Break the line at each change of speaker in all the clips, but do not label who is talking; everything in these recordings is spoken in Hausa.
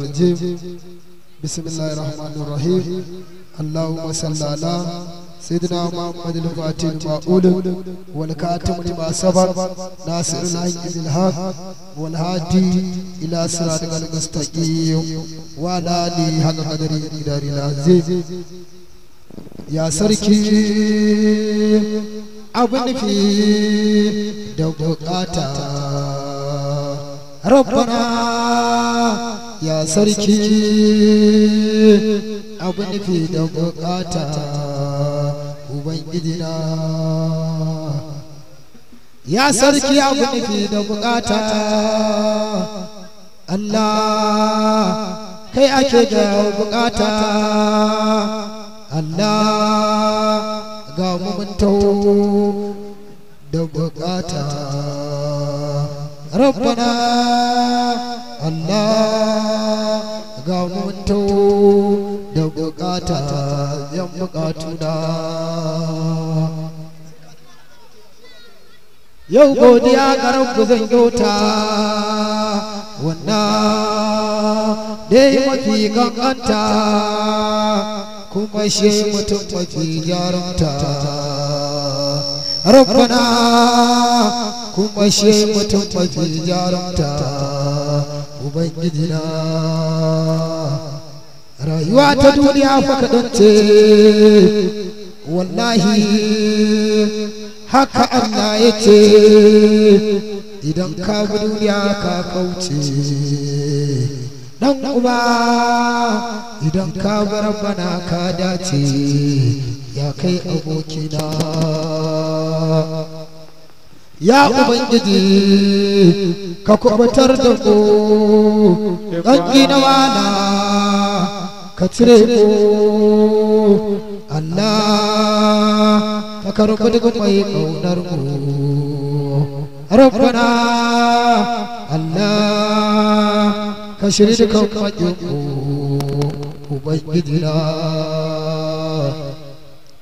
الرجيم بسم الله الرحمن الرحيم اللهم صل على سيدنا محمد الفاتح المعول والكاتم لما سبق ناصر الحق بالحق والهادي الى صراط المستقيم وعلى اله حق قدره مقدار العظيم يا سركي ابن في da ربنا ya sarki abu nufi da bukata na ya sarki abu nufi da bukata Allah kai ake da bukata Allah ga mu da bukata rabbana Allah ga munto da bukata yan bukatu na yau godiya ga rabu zan yota wannan yi mafi kankanta kuma shi mutum mafi jarumta
rabbana kuma shi mutum mafi
jarumta ubangijina rayuwa ta duniya fa kaɗan wallahi haka Allah ya ce idan ka bi duniya ka kauce dan uba idan ka bi rabbana ka dace ya kai abokina ya ubangiji ka kubutar da ku ɗanki na wana ka cire ku Allah ka karɓi duk mai ƙaunar ku rabbana Allah ka shiri dukan kwaɗin ku ubangiji na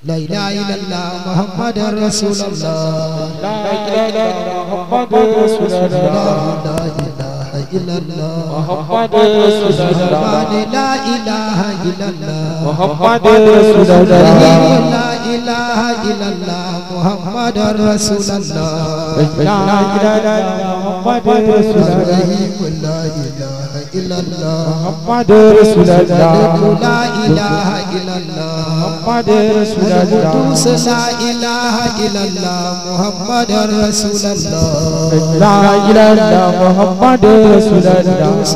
la ilaha illallah muhammadar rasulullah إلا محمد رسول الله لا إله إلا الله محمد رسول الله لا إله إلا الله محمد رسول الله لا إله إلا الله محمد رسول الله لا إله إلا الله محمد رسول الله لا إله إلا الله محمد رسول الله لا إله إلا Muhammad Rasulullah La ilaha illallah Muhammad Rasulullah La ilaha illallah Muhammad Rasulullah Muhammad Rasulullah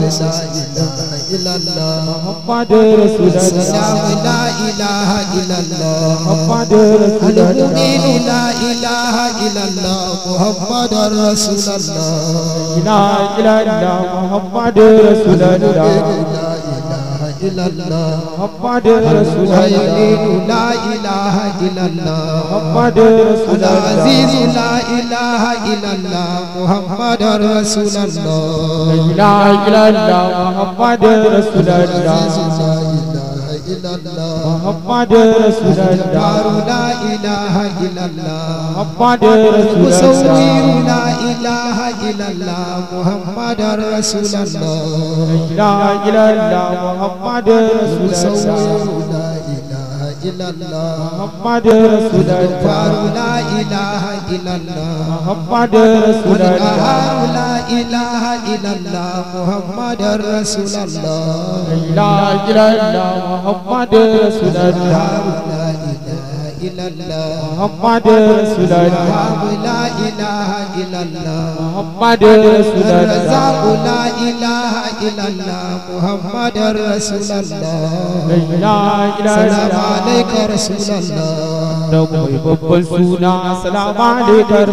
Muhammad Rasulullah Muhammad Rasulullah Muhammad Rasulullah إلا الله محمد رسول الله لا إله إلا الله محمد رسول الله لا إله إلا الله محمد رسول الله لا إله إلا الله محمد رسول الله illallah Muhammad Rasulullah La ilaha illallah Muhammad Rasulullah La ilaha illallah Muhammad Rasulullah La ilaha illallah Muhammad Rasulullah Muhammad Rasulullah. La ilaha illallah Muhammad Rasulullah. La ilaha illallah Muhammad Rasulullah. La ilaha illallah Muhammad Rasulullah. إلا الله محمد رسول الله لا إله إلا الله محمد رسول الله محمد رسول الله عليك رسول الله salamu kai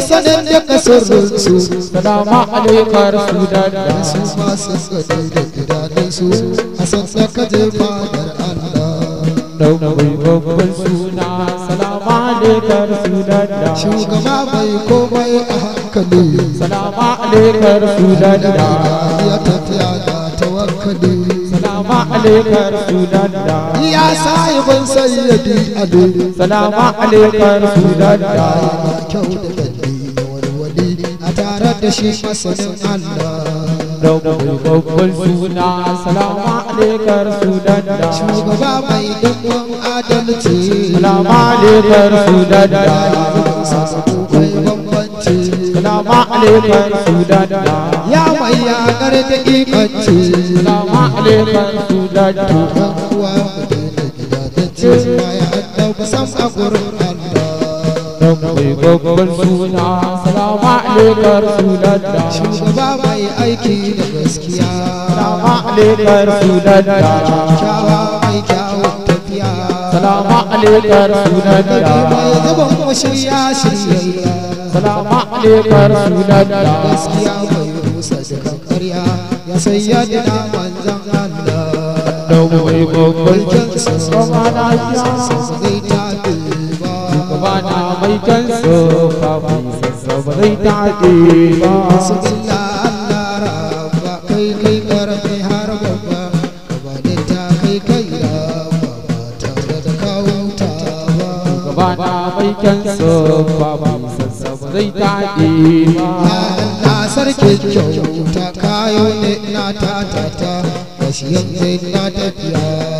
salamu salamu kasar su salama alaika rasulan da da su a je fadar
Allah
babban suna salama alaika da shugaba komai a hankali salama alaika da ya tafiya da tawakkali salama alaika da ya sahibin sayyidi ali salama alaika rasulan da kyau da da shi masanin Allah Dauku babban suna salamu alaikar sudan da Shugaba mai dukkan adalci Salamu alaikar sudan da Salamu alaikar sudan da Ya mai yakar da ikanci Salamu alaikar sudan da Yan mutane gida ta ce Baya an dauka sunan mai suna salama alaika rasulallah shugaba mai aiki da gaskiya salamu alaika rasulallah kyakkyawa mai kyawun tafiya salamu alaika rasulallah shirya alaika rasulallah gaskiya rusa da karya ya manzan Allah da suna salamu alaika rasulallah amana mai kansu kafin sassa ba zai daɗe ba kai kai karfi har babba gaba ta kai kai ba tare da kawo ta ba mai kyauta ne na ta ta ta na tafiya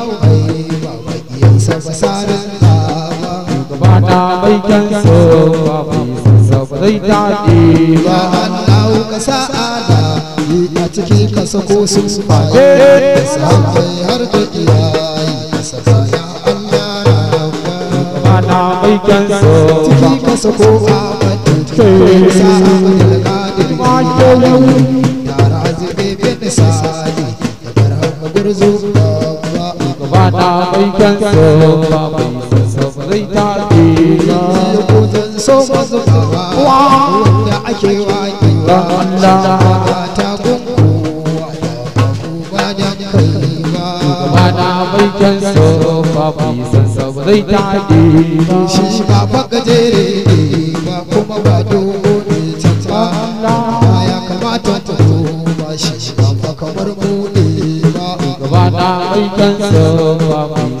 so ba zai daɗi ba Allah ka sa'ada yi a cikin ka sako sun faɗe da sahabbai har da iyayi ka saka ya Allah na ana mai kyan so ciki ka sako a bakin kai sa'a da kadir ma ke yau yara azube bin sa'adi da barhan gurzu ba ba
ana mai kyan so ba ba rai ta dina
gudun so mazukawa wanda ake waƙi wa Allah ta gunkuwa ba da kaiwa ba na mai kyan rai ta shi ba gajere ba kuma ba dogo ne can ba ya kamata ta zo ba shi ba kamar mu ne ba gaba na mai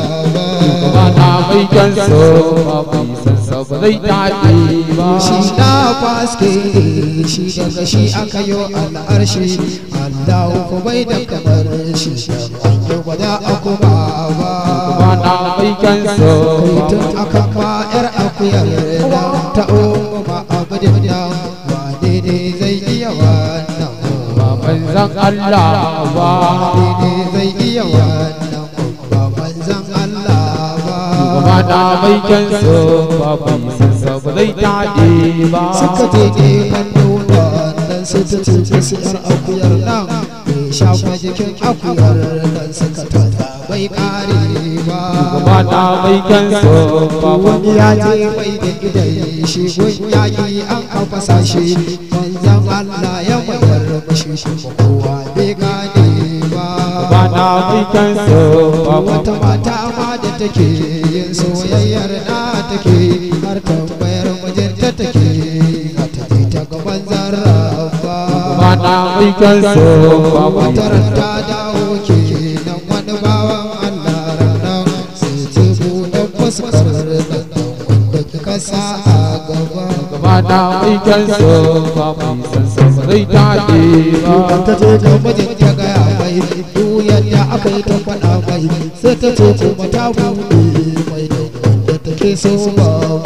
bana mai kyan ba mai sansa ba zai tashi ba shi da faske shi daga shi aka yo al'arshi Allah ku bai da kamar shi da ba da aku ba ba bana mai kyan so tun aka ba yar akuyar da ta o da da ba daidai zai iya ba
manzan Allah ba
daidai zai iya wannan faɗa mai kyan su babu isa ba zai daɗe ba suka je gefen nuna nan su ta cuta akuyar nan bai shafa jikin akuyar nan ba da idai shi gun yaƙi an kafa sashe ya gane ba take yin soyayyar da take har tambayar ta take a tafi ta gaban mana aikan so ba watar ta dawo na wani bawan Allah ranar sai ce buɗe da kasa a gaba gaba so ba ba san ba ta je ga yadda aka yi ta faɗa mai sai ta ce kuma ta buɗe mai da take so ba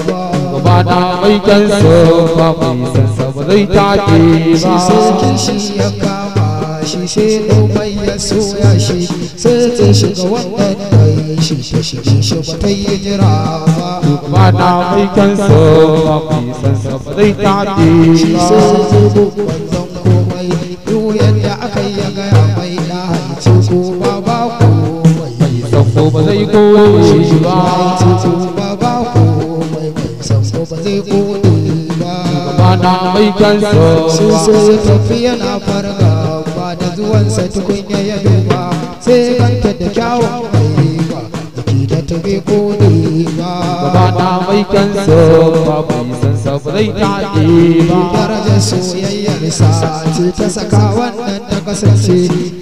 ba na mai kan so ba mai san sa ba zai take ba shi sai shi ya kama shi sai ɗaumai ya soya shi sai ta shi ga wannan ɗai shi shi shi shi shi ba ta yi jira
ba gaba na mai kan so ba
mai san sa ba zai take ba shi sai zai bukwan zan komai duk yadda aka yi ya gaya ba ba ko mai san ko ba zai ko shi ba ba ba mai san ba zai ko ba ba na mai kansa sun sai tafi yana farka ba da zuwansa tukunya ya duba sai kanta da kyawun mai ba jiki da tafi ko ba ba mai kansa ba mai ba zai daɗe ba darajar soyayyar sa ce ta saka wannan ta kasance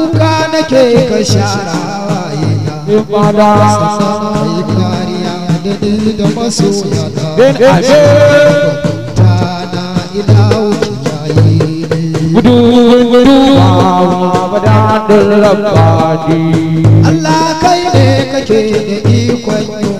nake ka sharawa ina in fada kai kariya da dini da masoya ta bin ashe ta na ilahu kiyaye gudu gudu ba da rabbani Allah kai ne kake da ikon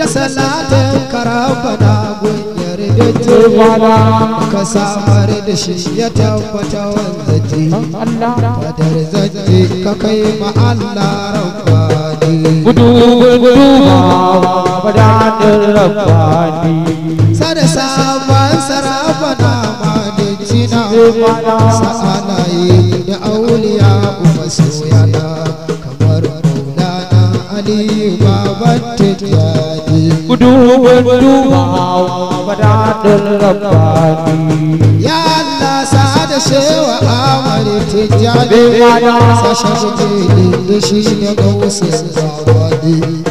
da salatin karabana gunyar da tubala ka samar da shi ya tabbata wanzaji fadar zaji ka kai ma Allah rabbani gudu gudu ba da rabbani sada sabon sarabana ma da jina sa'alaye da auliya umasoya ku duban dubawa ba daɗin rabbani ya Allah sa da shewa amari tijjani sa shafi da shi ne ga wasu sabani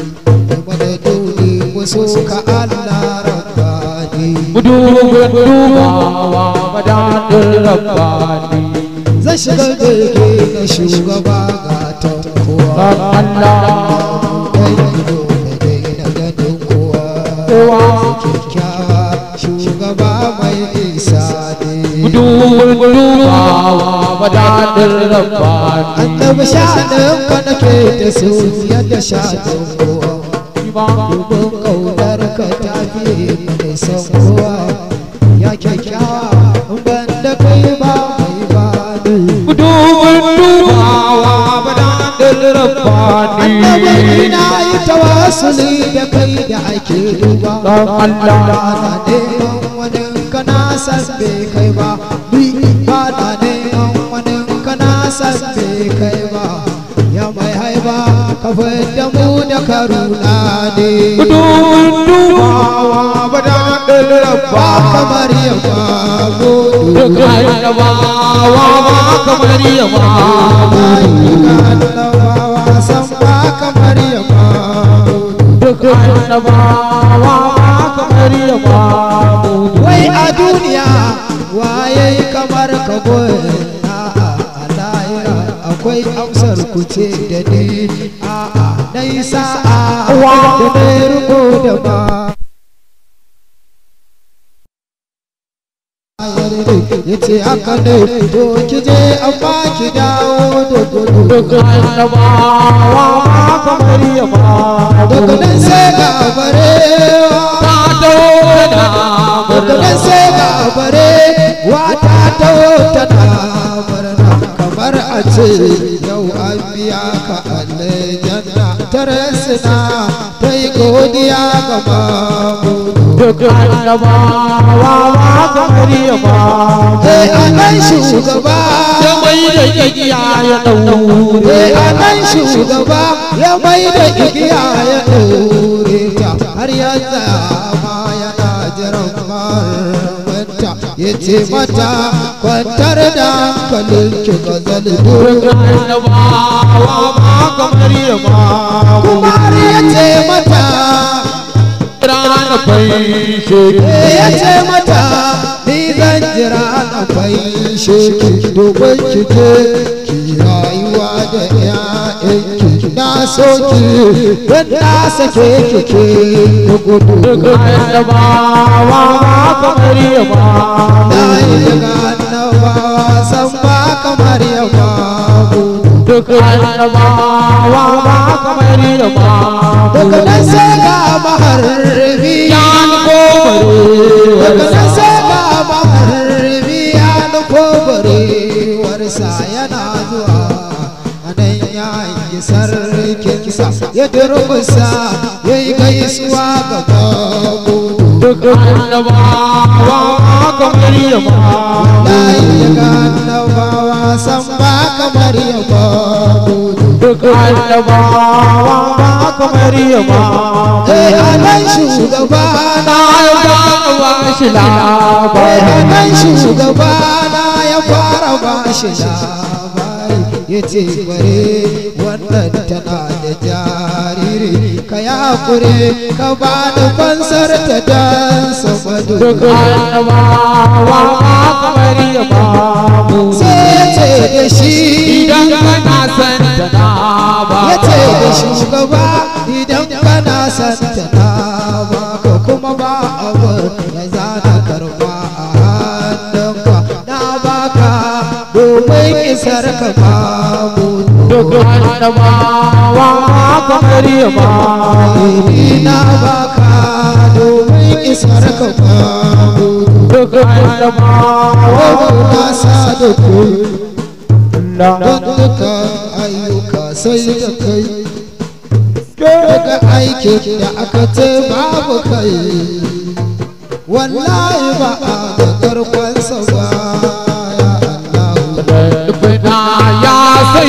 ka Allah rabbani ku duban dubawa ba daɗin rabbani zai shiga da Allah kowa kyakkyawa ya wani annabi na yi tawassuli da kai da ake duba don Allah na neman wani kana san bai kai ba ni ba na neman wani kana san bai kai ba ya mai haiba ka fadda mu da karuna ne dubawa ba da ɗalaba kamar yamma ba kamar yamma gudu da annabawa ba kamar ya babu wai a duniya waye kamar ka goyi a lahira akwai amsar ku ce a dai sa'a da mai riko da ba dare ya ce ne to ki je a amma ki dawo da gudu Wa annabawa ma kamar ya ba daga nan sai ga wa ta dawo da daga nan se ga barewa ta dawo ta da kamar a ce yau an biya ka alayyana tare suna sai godiya ga mamu duk annabawa wa ga anan shugaba ya mai da igiya ya daure eh anan shugaba ya mai da igiya ya har ya tsaya ce mata kwantar da kalinki gazal kumar ya ce mata rana fai eh, ya ce mata ni zan jira na fai sheki ki je ki rayuwa da yaya soki don na sake kike da gudu annabawa kamar yawa daga annabawa san ba kamar yawa annabawa ba kamar yawa nan sai ga ya nan sai ga ya warsa yana zuwa anan ya yi sa ya durkusa ya yi gaisuwa ga gabu duk annabawa kamar yaba wallahi ya ga annabawa san ba kamar yaba duk annabawa ba kamar yaba eh anan shugaba na ya fara ba shi labari anan ya fara ba shi labari bare matar tana da jariri ka ya kure ka ba da fansar ta dan sabado duk alama wa kamar ya babu sai ce da shi idan kana san ta ba ya ce da shugaba idan kana san ta ba ko kuma ba abu da za ta karba a hannunka na baka domin isar ka babu annabawa kamar yaba na baka domin isar ka duk annabawa da na da kai daga aikin da aka babu kai wallahi ba a da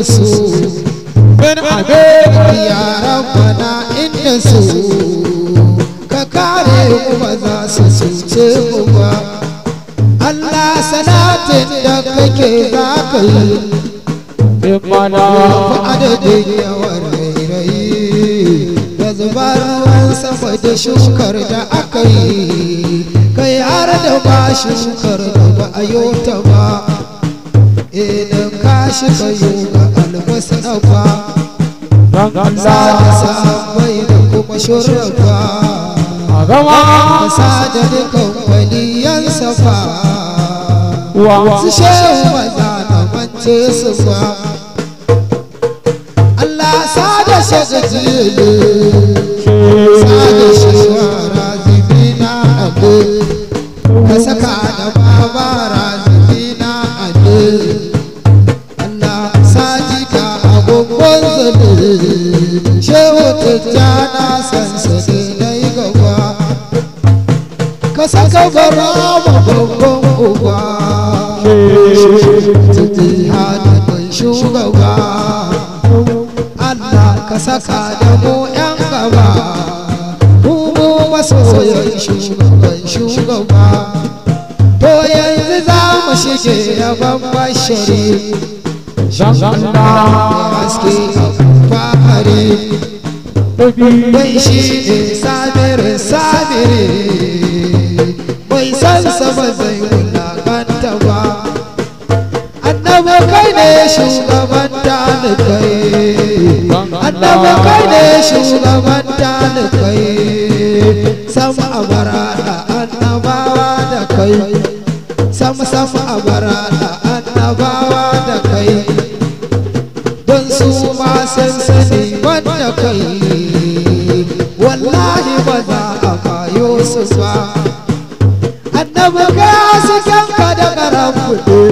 su bin amerika ya bana inda su ka kare kuma za su cuce mu ba Allah salatin da kake za ka yi fi adadin yawan rairayi da zubar ruwan sama da shukar da aka yi kai har da ba shukar da ba a yota ba eh, shiga a albasa kwa don Allah ka sa bai da kuma shurrafa rawa ka sa da dukan waliyan safa su shehu maza na mance su kwa Allah sa da shiga sa da shi wa razibina abu ka saka gabara ma babban uba tuti hada mai shugaba Allah ka saka da mu yan gaba mu mu masoyan shugaban shugaba to yanzu za mu shige yaban bashari Zamba haske a fahari Dai shi ne sabiri sabiri ba zai wulakanta ba annabi ne shugaban talibai annabi kai ne shugaban talibai sam a bara da annabawa da kai sam sam a bara da annabawa da kai don su ma san sani wanda kai wallahi ba za a bayo su ba Oh,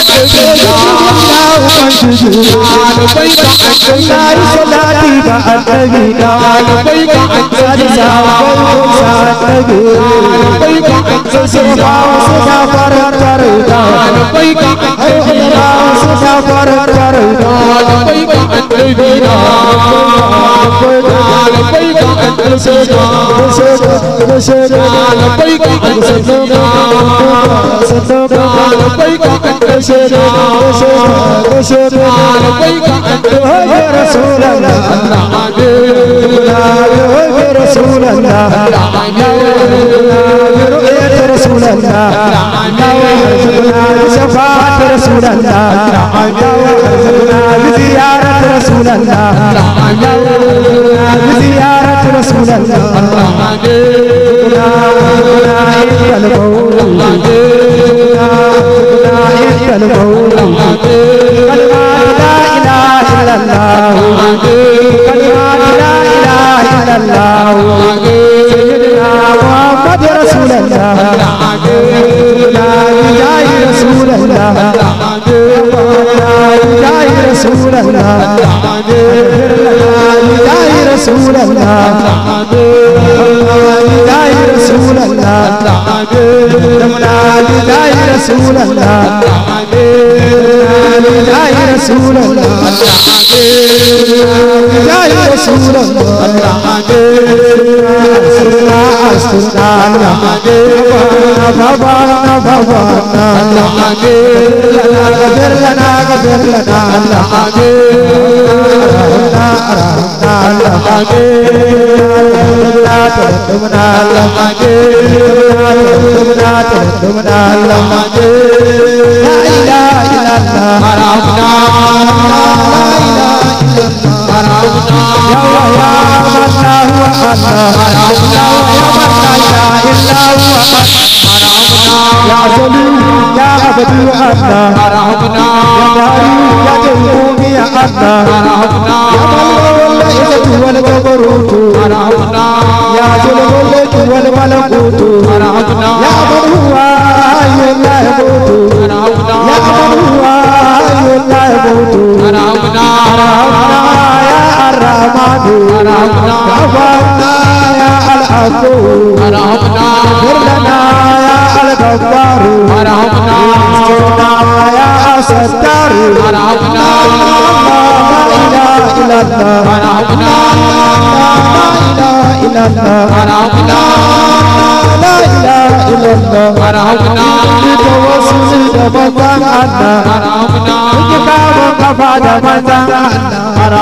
ɗalibai ba مرشد مرشد لبيك أنت يا رسول الله يا رسول الله رؤية رسول الله شفاعة رسول الله زيارة رسول الله زيارة رسول الله मधु सूरत सूरत सूरत सूरत सूरत رسول सूरत जय सूरा गे जय सूर भला गे सुे बाबा भा ला गे बुर्ल बुर्ल गे गे नाथ तुमनाल गेनाथ तुमनालम गे يا جل جل جل الملكوت يا العدو كفرنا يا العدو اغفر لنا يا الغفار ارحمنا يا ستار ارحمنا لا اله الا الله ارحمنا لا اله الا الله ارحمنا إلا الله توسل دمتا أنا كتاب كفى دمتا أنا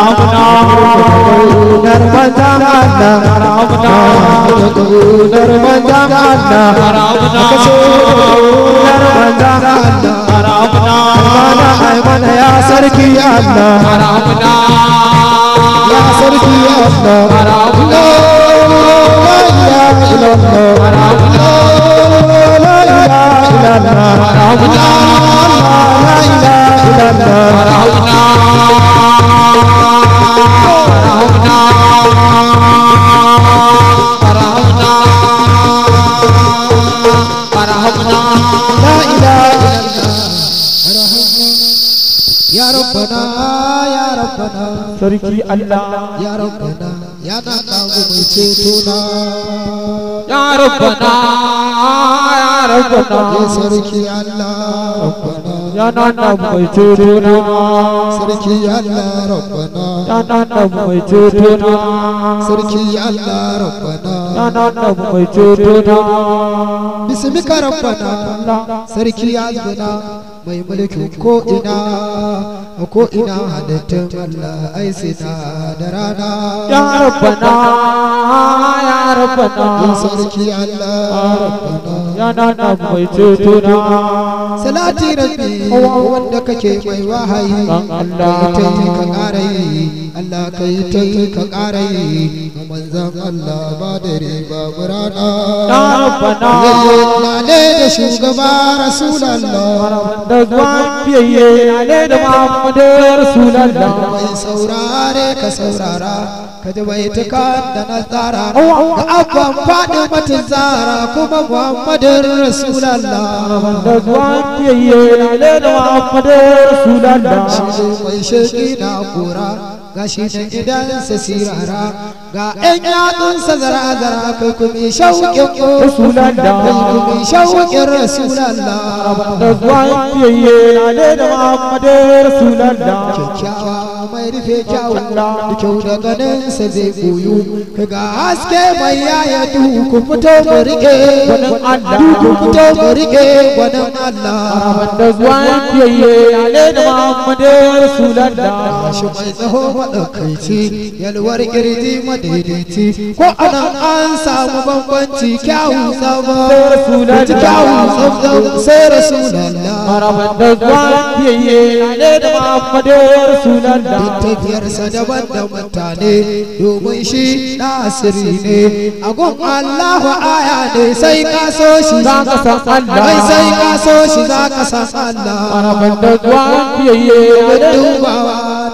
نرمتا أنا نرمتا أنا نرمتا أنا mana ya sarki Allah ya sarki Allah यारो बना यारो बना सॉरी की अल्लाह यारो बना ya na kamu mai ceto na ya rabbana ya rabbana ya sarki Allah rabbana ya na mai ceto na sarki Allah rabbana ya na mai ceto na sarki Allah rabbana ya na mai ceto na bismika rabbana sarki Allah mai mulkin ko ina ko ina halittun malla ai sina da rana ya rabbana ya rabbana ya sarki Allah ya nana mai ceto na salati rabbi wanda kake mai wahayi Allah ya ita ka kare Allah ka yi ta ka ƙara yi manzan Allah ba da riba burana lale da shugaba rasulallah da gwan biyayye lale da mahammadu rasulallah mai saurare ka saurara ka ji bai tuka da na tsara ga abban faɗi mata zara kuma muhammadin rasulallah da gwan biyayye lale da mahammadu rasulallah shi mai shaƙi na kura ga shi nan idansa sirara ga ɗan yatsunsa zara-zara kai kuma shauƙin rasulallah kai kuma shauƙin rasulallah da zuwa yayye na da muhammadu rasulallah kyakkyawa mai rufe da kyau da ganin sa zai goyo ga haske mai yaya duhu fito rike gwanin Allah fito rike gwanin Allah wanda zuwa da Muhammadu Rasulullah shi mai tsaho yalwar madaidaici ko anan an samu bambanci kyawu sama Rasulullah kyawu sai Rasulullah da zuwa da Muhammadu Rasulullah duk daban da mutane domin shi na asiri ne agon Allahu aya ne sai ka so shi za ka san Allah mai sai ka so shi za ka san Allah da duwa dubawa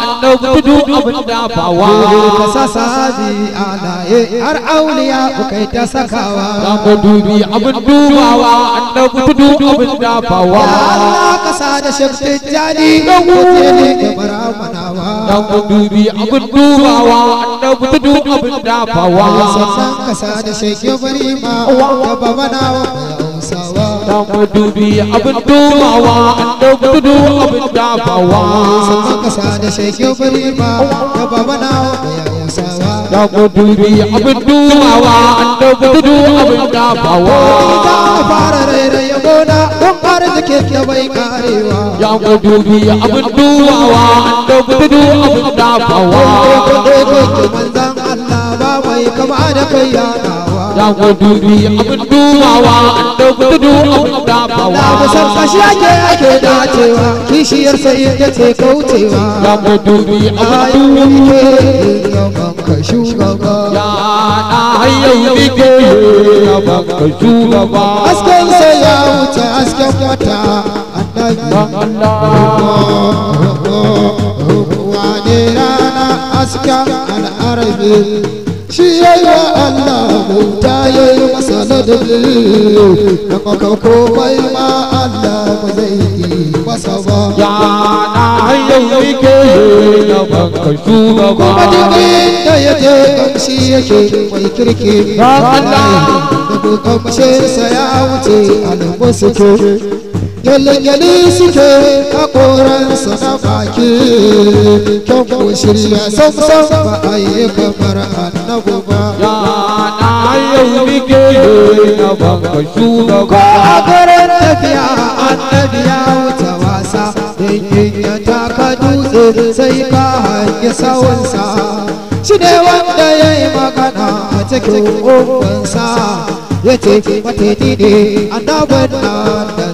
an ɗauki duk abin da ba wa ka sa saji alaye har auliya ku kai ta sakawa za ku dubi abin dubawa an ɗauki duk abin da ba wa ka sa da shafin jani da gote ne da baramanawa za ku dubi abin dubawa an ɗauki duk abin da ba wa ka sa da shafin jani da gote ne da da madubi abin dubawa an dauki tudu abin ka sa sheke bari ba da baba na da sawa da madubi abin dubawa an dauki tudu abin dafawa da fara rere ya gona kare ta ya madubi abin dubawa an dauki tudu abin dafawa manzan da kai da kusan kashi ake ake dacewa kishiyar ita ce kaucewa ya go ya da sai ya wuce shi ya yi wa Allah bauta ya yi masa ladabi da maka komai ma Allah ba zai yi masa ba ya na hanyar yake da baka shugaba kuma jini da ya je kamshi yake mai kirki ba Allah da kamshinsa ya wuce almusuke gyale-gyale suke hakoransa na baki kyan ko shirya sam ba a yi kamar annabu ba ya na yau nike na banka shugaba ko a garin tafiya annabi ya wuce wasa yankin ta ka dutse sai ka hangi sawansa shi ne wanda ya yi magana a cikin ƙungunsa ya ce mata ne annabin na da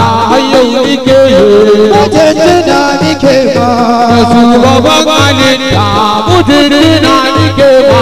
nike mutuncina ba shugaban halitta mutuncina nike ba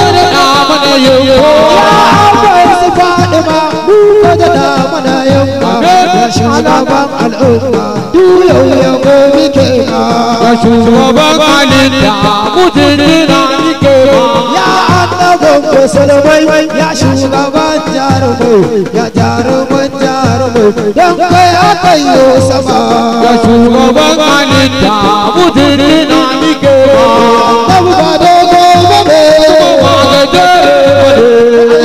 daɗa mana yamma akwai su faɗi ma ka daɗa mana yamma ga shugaban al'umma duyau ya gobe ke ma ga shugaban halitta mutunina ke ma ya annabin musulmai ya shugaban jarumai ya jarumai jarumai don kai aka yi sama ya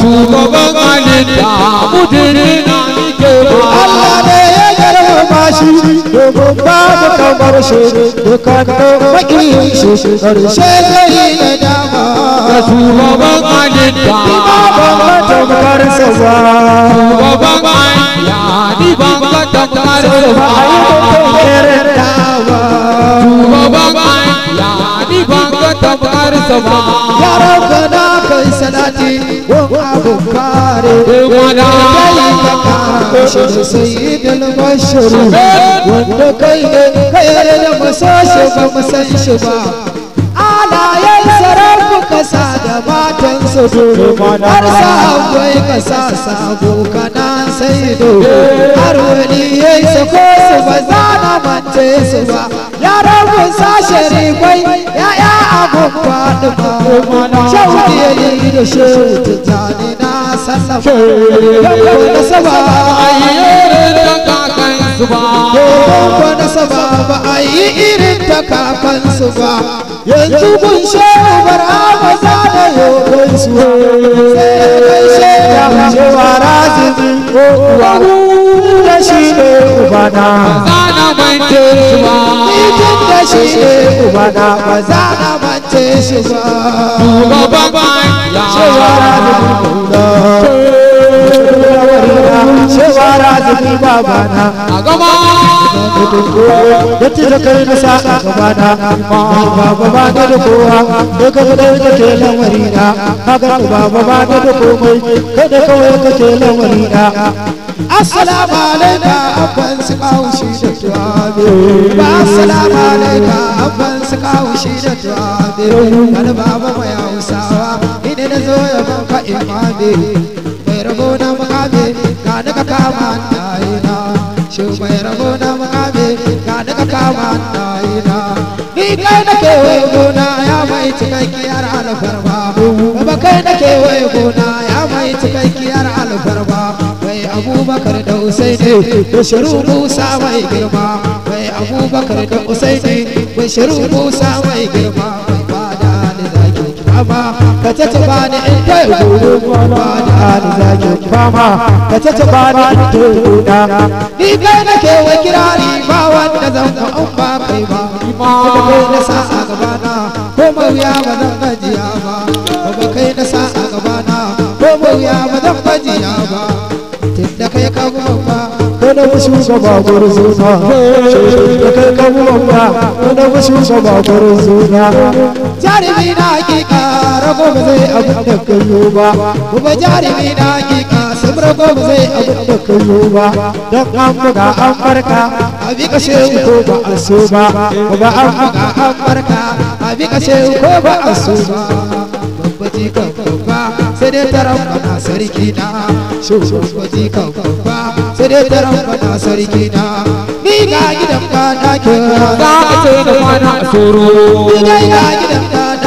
shugaban Allah ne ya garba shi domin babu kamar shi dukkan makiyin shi karshe zai na shugaban halitta ban ka tamkar sa ba shugaban halitta ni ban ka tamkar sa ba shugaban halitta ni ban ka tamkar sa ba yaran salati kare da masashi ba ba bakin sa doro har sahabai ka sa sabo kana sai doro eh. har wani ya yi sako su ba za na mace su ba yaran mu sa ya ya'ya abun faɗi ba shawar ya yi da shehu tijjani na sallama yau da saba a yi irin ta su ba yau da saba ba a yi irin ta su ba yanzu kun shehu bar aka zada yau kai suwa sai kai shehu ya cewa ko da shi ne ubana ba na shi ba itin da shi ne ubana ba za na mance shi ba duba ba ba ya kaduna cewa raziki babana a da kai na sa a gabana baba da kowa da ka kadai ka ke lamari na haka baba ba da komai kada kawai ka da tuwabe ba assalamu alaika da tuwabe daga kama tayina na rabo na mukabe ka daga kama tayina ni kai ke wai gona ya mai cikakkiyar alfarma ba kai nake wai gona ya mai cikakkiyar alfarma wai abubakar da usai ne musa mai girma wai abubakar da usai ne musa mai girma fama ka ta ta bani in ta gudu ba da ni zakin fama ka ta ta bani in ta guda ni kai ke wa kirari ba wanda zan ka an ba kai ba ba kai na sa a gabana ko ma wuya ba zan gajiya ba ba kai na sa a gabana ko ma wuya ba zan gajiya ba tun da kai ka ba kada wasu saba gurin suna da kai kamuwan ba kada wasu saba gurin suna jarumi na ake rago ba zai abin da kallo ba kuma jarumi na hakika sun rago ba zai abin da kallo ba don an buga an barka a bi kashe ko ba a so ba kuma an buga an barka a bi kashe ko ba a so ba babbaji kan babba sai dai taron bana sarki na babbaji kan babba sai dai taron bana sarki na ni ga gidan ba na kira za a ce da kwana a tsoro ni ga gidan ba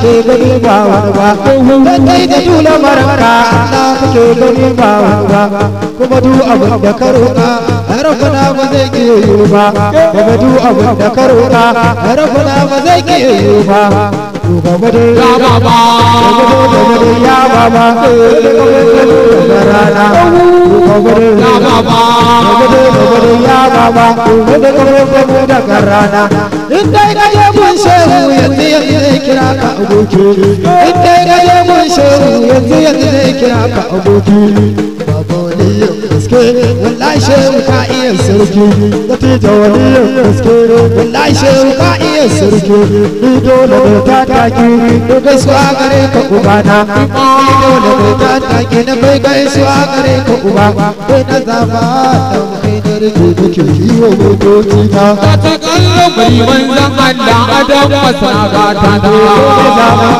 baba, ya ba ya ba ya baba, ya baba, ya baba, ya ba ya ba ya baba, ya baba, ya baba, ya ba zai ke yi ba ya baba, ya baba, ka baba, ya ba ya baba, ya ba ya baba ya baba ya baba ya baba ya baba kira ka aboki in dai ka je mun shehu yanzu yanzu zai kira ka aboki baba waliyin gaske wallahi shehu ka iya sarki natija waliyin gaske wallahi shehu ka iya sarki ni dole da ta taki ko gaisuwa gare ka ubana ni dole da ta taki na kai gaisuwa gare ka uba kai na zama dan sarki ke yi wa motoci ta ta ta kallo bari wannan Allah adam fasaga ta da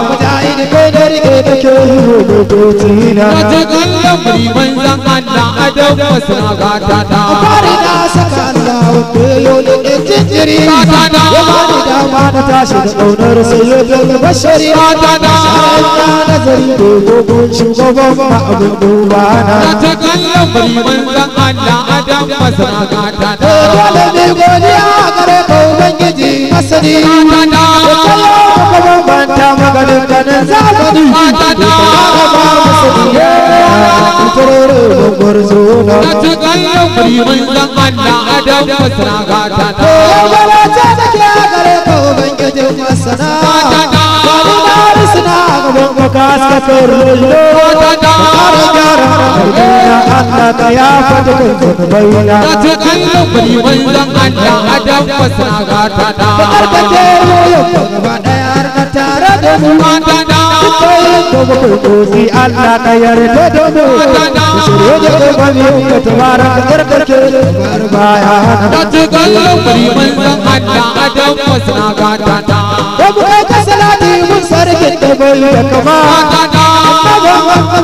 mujahid kai da rike take kiwo wa motoci ta ta kallo bari wannan Allah adam fasaga ta da bari da saka Allah ko yo ne jinjiri ta da ya ba da dama ta tashi da kaunar sayyidul bashari ta da. nazari dogon shugaban ba abin duba na ta kallon bari manzan Allah adam masaraka ta dole ne godiya gare ka ubangiji masani banta gatana Kusi Allah ka yarda da mu Shirye da gobe ka tabara gargaje barbaya Da jigallo bari manzan Allah adam fasna gatana Da mu ka salati mun sarki da bai da kama gatana Da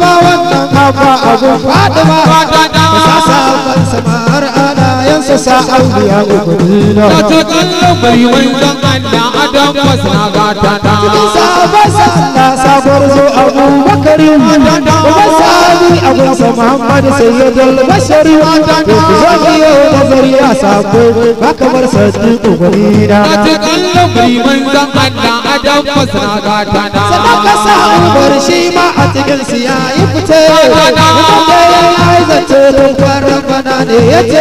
ba wannan kafa abu fatima gatana Sa sa ban samar bayansa sa auliya ubudina ta ta kallon bai wanzan Allah adam fasna gata ta sa basa Allah sabuwar zo abubakarin ubansa abin sa Muhammad sayyidul bashari zan nazari a sako ba kamar sadiqu gurina na ta kallon ma a cikin ne yace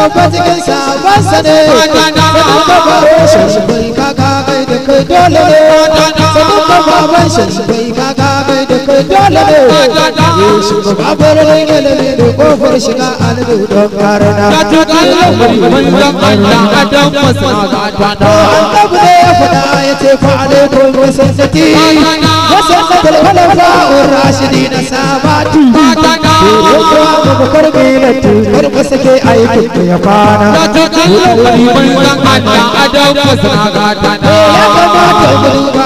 babba cikin sabon ne sanin baban shi bai kaka kai da kai dole ne sanin bai kaka kai da kai dole ne yesu ne ne da kofar shiga don ya ce fa alaikum wasallati wasallatul khulafa'ur rashidin ko ko ko ko ko ko ko ko ko ko ko ko ko ko ko ko ya fara na ta kallon kwalibin zan adda adan kusa gata na ya kamata gurin ta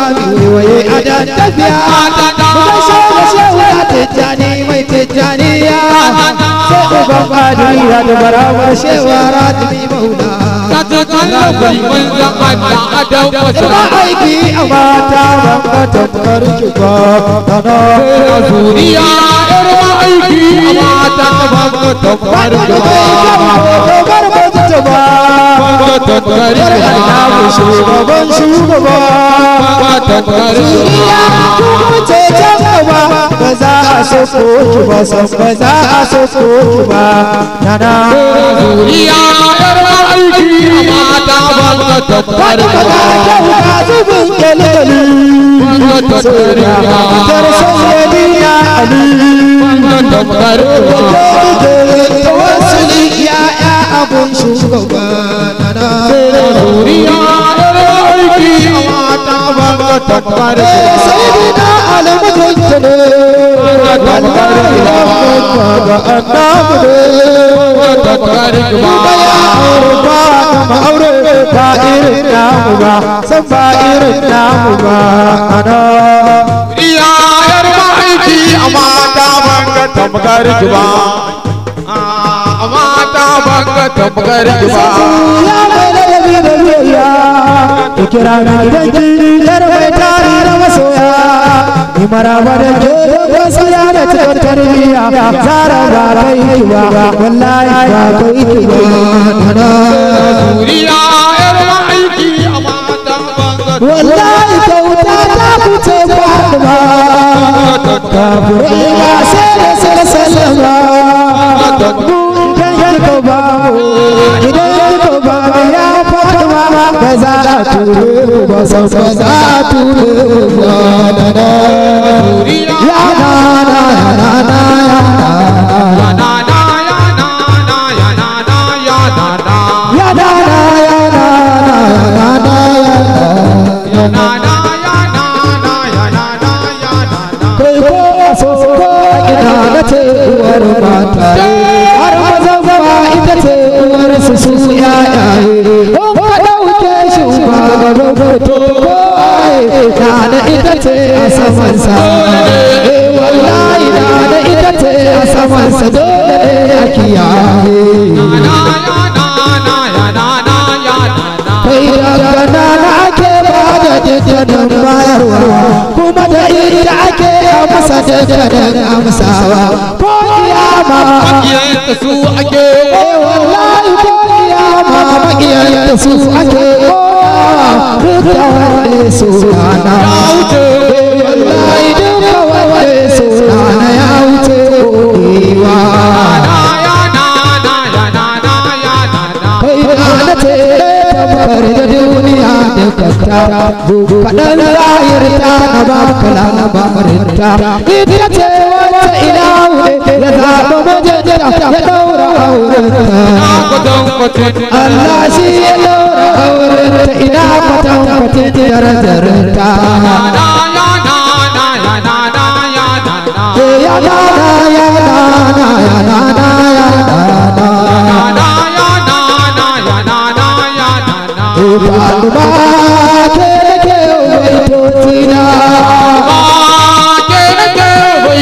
waye adan tafiya kuma shawo shawo ya tijjani mai tijjani ya sai uban kadiri ya da barawar shewa ratimi mauna ta ta kallon kwalibin zan adda adan kusa ba aiki a mata ban ka tamkar shuka tana zuriya irma aiki a mata ban ka tamkar shuka shugaba kwatattari alhamu shugaban shugaba kwatattari duniya kuma ce jagaba ba za a so ki ba san ba za a so ki ba nana duniya karwa aiki mata kwatattari kwatattari ba zubin kyalkyali kwatattari ba matar sanyadi na ali kwatattari kwatattari sabon shugaba na na duniya da aiki mata ba ga tabbare sai ta ta ba baka tamkar ba ya mai ladabi da biyayya ku kira na idan kin tarbai tare da masoya ni maraba da ke gaskiya da cikar tarbiyya zara ba kai ki wallahi ba kai ki ba dana duriya yar aiki amata wallahi kauta ta fice ba ba kafirai ba sai da sallama को बाबू गजा तूरे बस गजा su yayaye in ka ɗauke shugaban fito waye na ita ce a samansa eh wallahi na da ita ce a samansa dole ne a kiyaye kai dangana na ake ba da jajjanin bayarwa kuma da ita ake amsa jajjanin amsawa ko kiyama su ake wallahi magiyanta su ya na na kira ya daura shi aurenta ina kwatan da da da da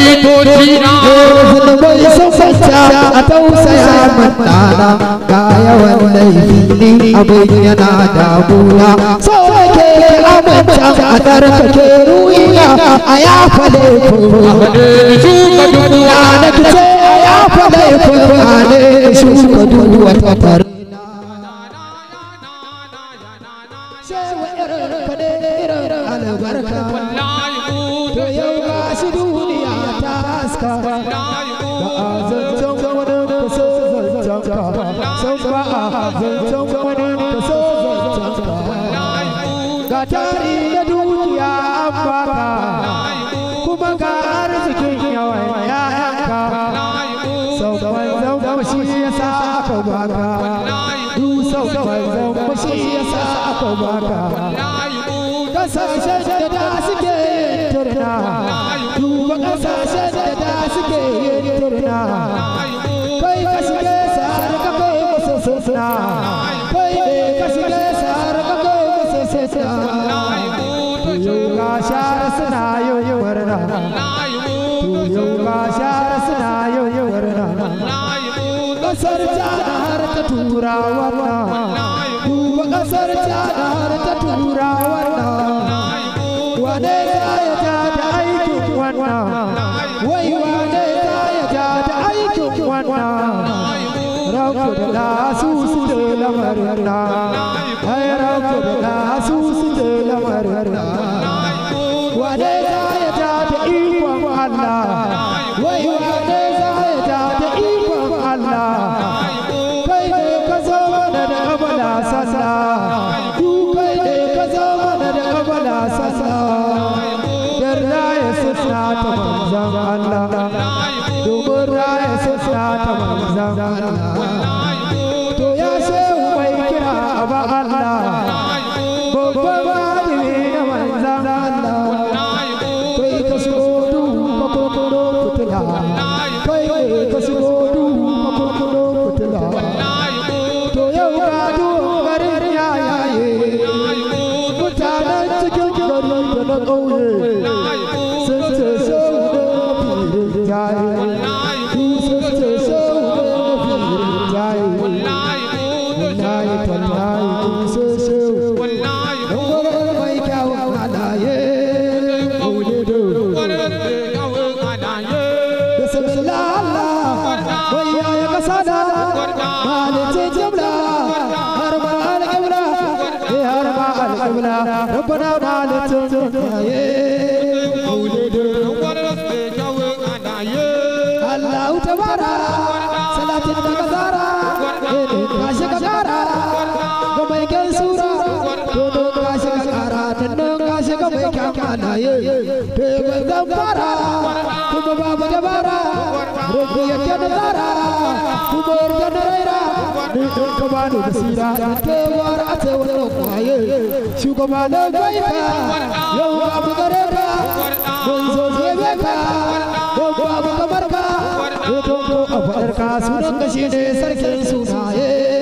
zunubai sun fata a tausaya ga yawan laifi abin yana damuna so ke aminta a tarkake a yafa laifin ruwa na kice No, no, no. rabu da asusu da lamarin na ai rabu da ta Allah ta Allah ka zo mana da ku ka da abala sassa yarda ya ta Allah ta manzan Allah to ya sai mai kira ba Allah ये देवर गवारा तुम बाबा जवारा रुकिए जनदारा तुम और जनरेरा निकबानु बसीरा इतने वारा से वो कोये शुगबानु गया यो बाबा करेगा मुझे जेबेगा यो बाबा कमरगा ये तुमको अफर का सुनंग शीने सरके सुनाए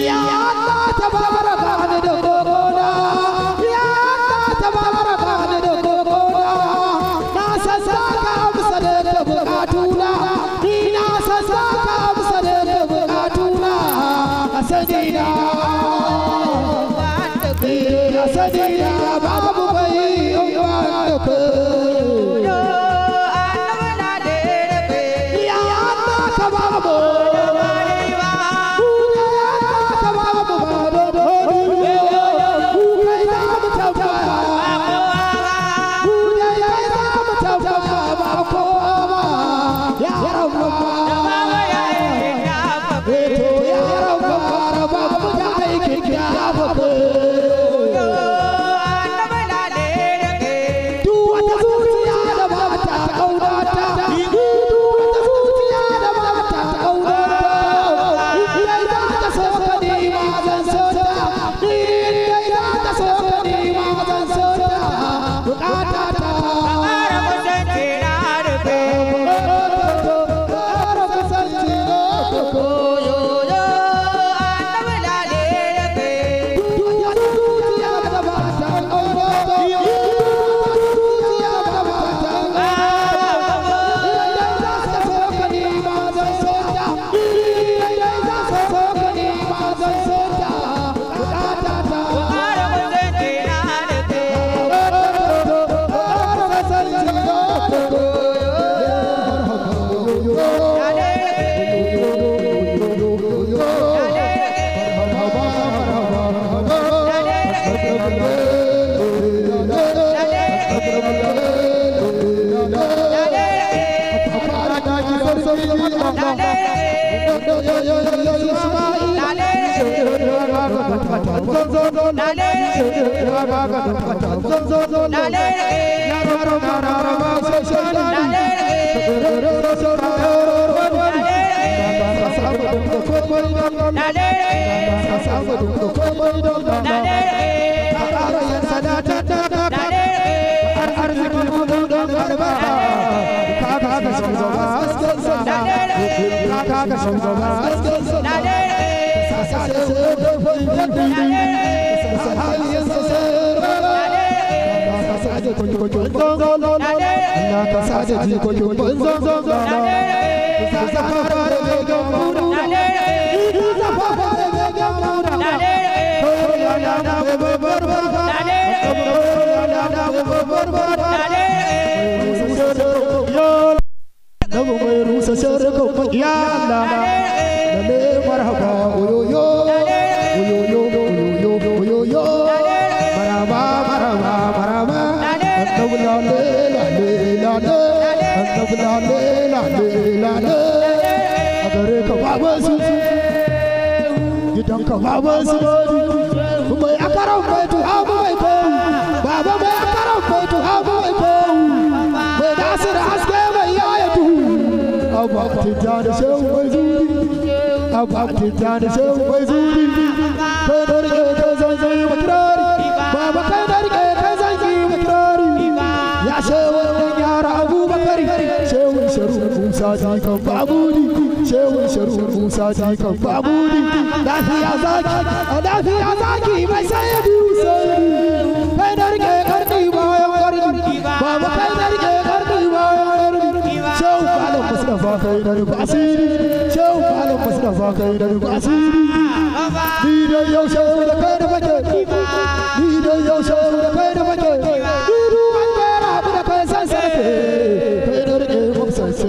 ya Allah tebarek ya ba ga fata zom zom zom la ba ma ra ra ba ba sha la le ro ro ro so ra ba ba sa ba dum ko ko ba ba sa ba dum ko ko ba ba ya sadata ta ta la ba ba ka ka ka shon zo ba ka ka ka shon ka sada jikokin banza ku zafafa da begen muna ku zafafa da begen muna ko yana na bai bar barfa baba sibodi mai akaran baitu habu mai bau baba mai akaran baitu habu mai bau mai nasir haske mai yaya duhu abakti jani shehu mai zuri abakti jani shehu mai zuri kai da rike kai zanzan yi makirari baba kai da rike kai zanzan yi makirari ya shehu wannan yara abubakar shehu sharu musa jikan babuni shehun sharu musa kan babudi lafiya zaki a lafiya zaki mai sai bi usai kai da rike karni bayan karni babu kai da rike karni bayan karni shehun malam mustafa kai da rike asiri shehun malam mustafa kai da rike asiri ni da yau shehun da kai da mace ni da yau shehun da kai da mace ni da yau da kai da mace ni da kai da mace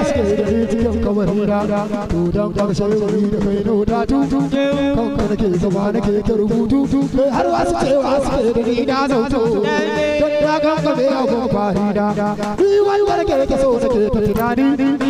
aske da titiyan kamar da to dan karshe wuri da kai no da tu ta rubutu kai har da ni na zauto dan da kan ka bai hagu fari da ni ke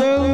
Jẹun.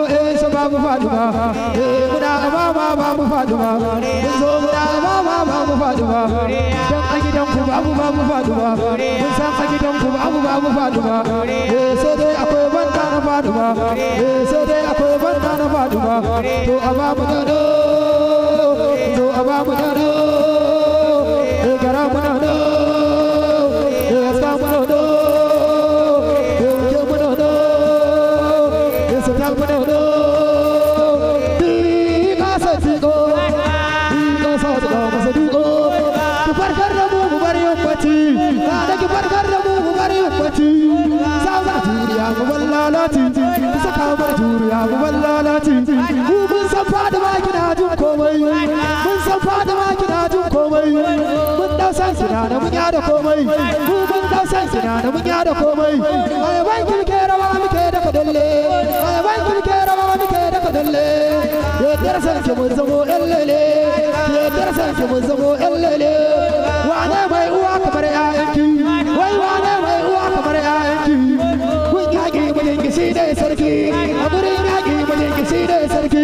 babu faduwa eh, guda mama babu faduwa mun zo guda mama babu faduwa dan a gidan ku babu babu faduwa san a gidan ku babu babu faduwa eh, dai akwai banta na faduwa eh, dai akwai banta na faduwa to a babu to babu da komai gugun tausan suna da mun ya da komai kin ke rawa ke da kadalle kin ke rawa ke da kadalle yadda san ki mun zamo yan lele yadda san ki mun zamo yan wa ne mai uwa kamar yayanki wai ne mai uwa kamar yayanki kun yaki mulki shi ne sarki a gurin yaki mulki shi ne sarki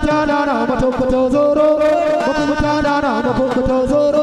Mukutana, Mukutana, Mukutana, Mukutana, Mukutana, Mukutana, Mukutana,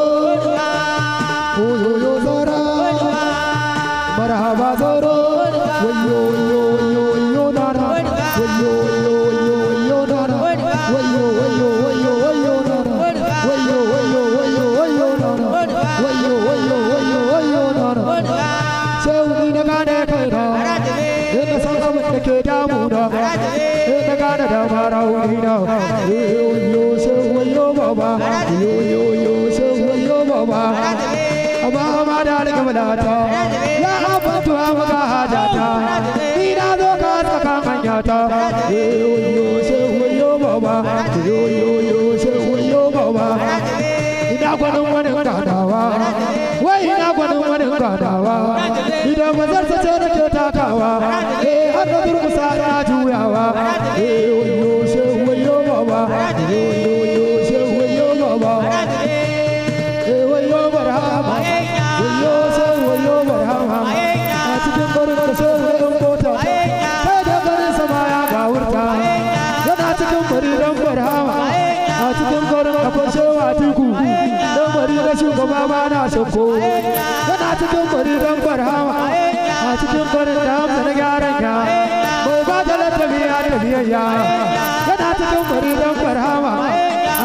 फरीदो फरहावा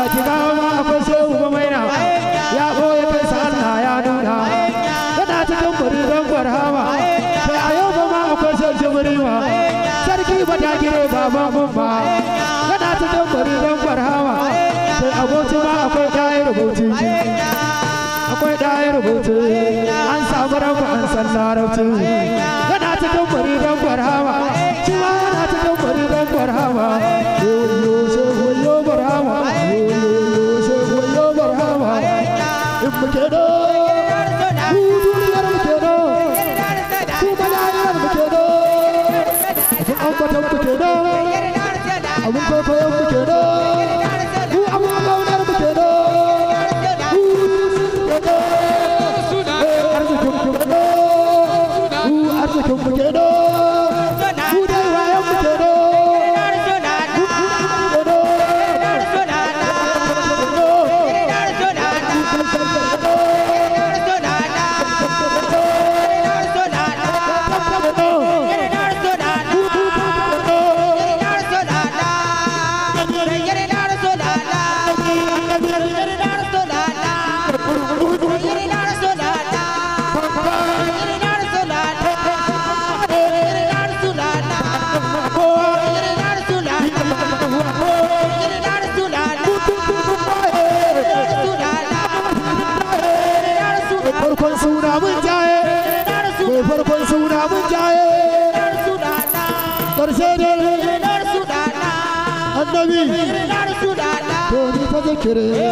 अजगावा If we get up. Yeah.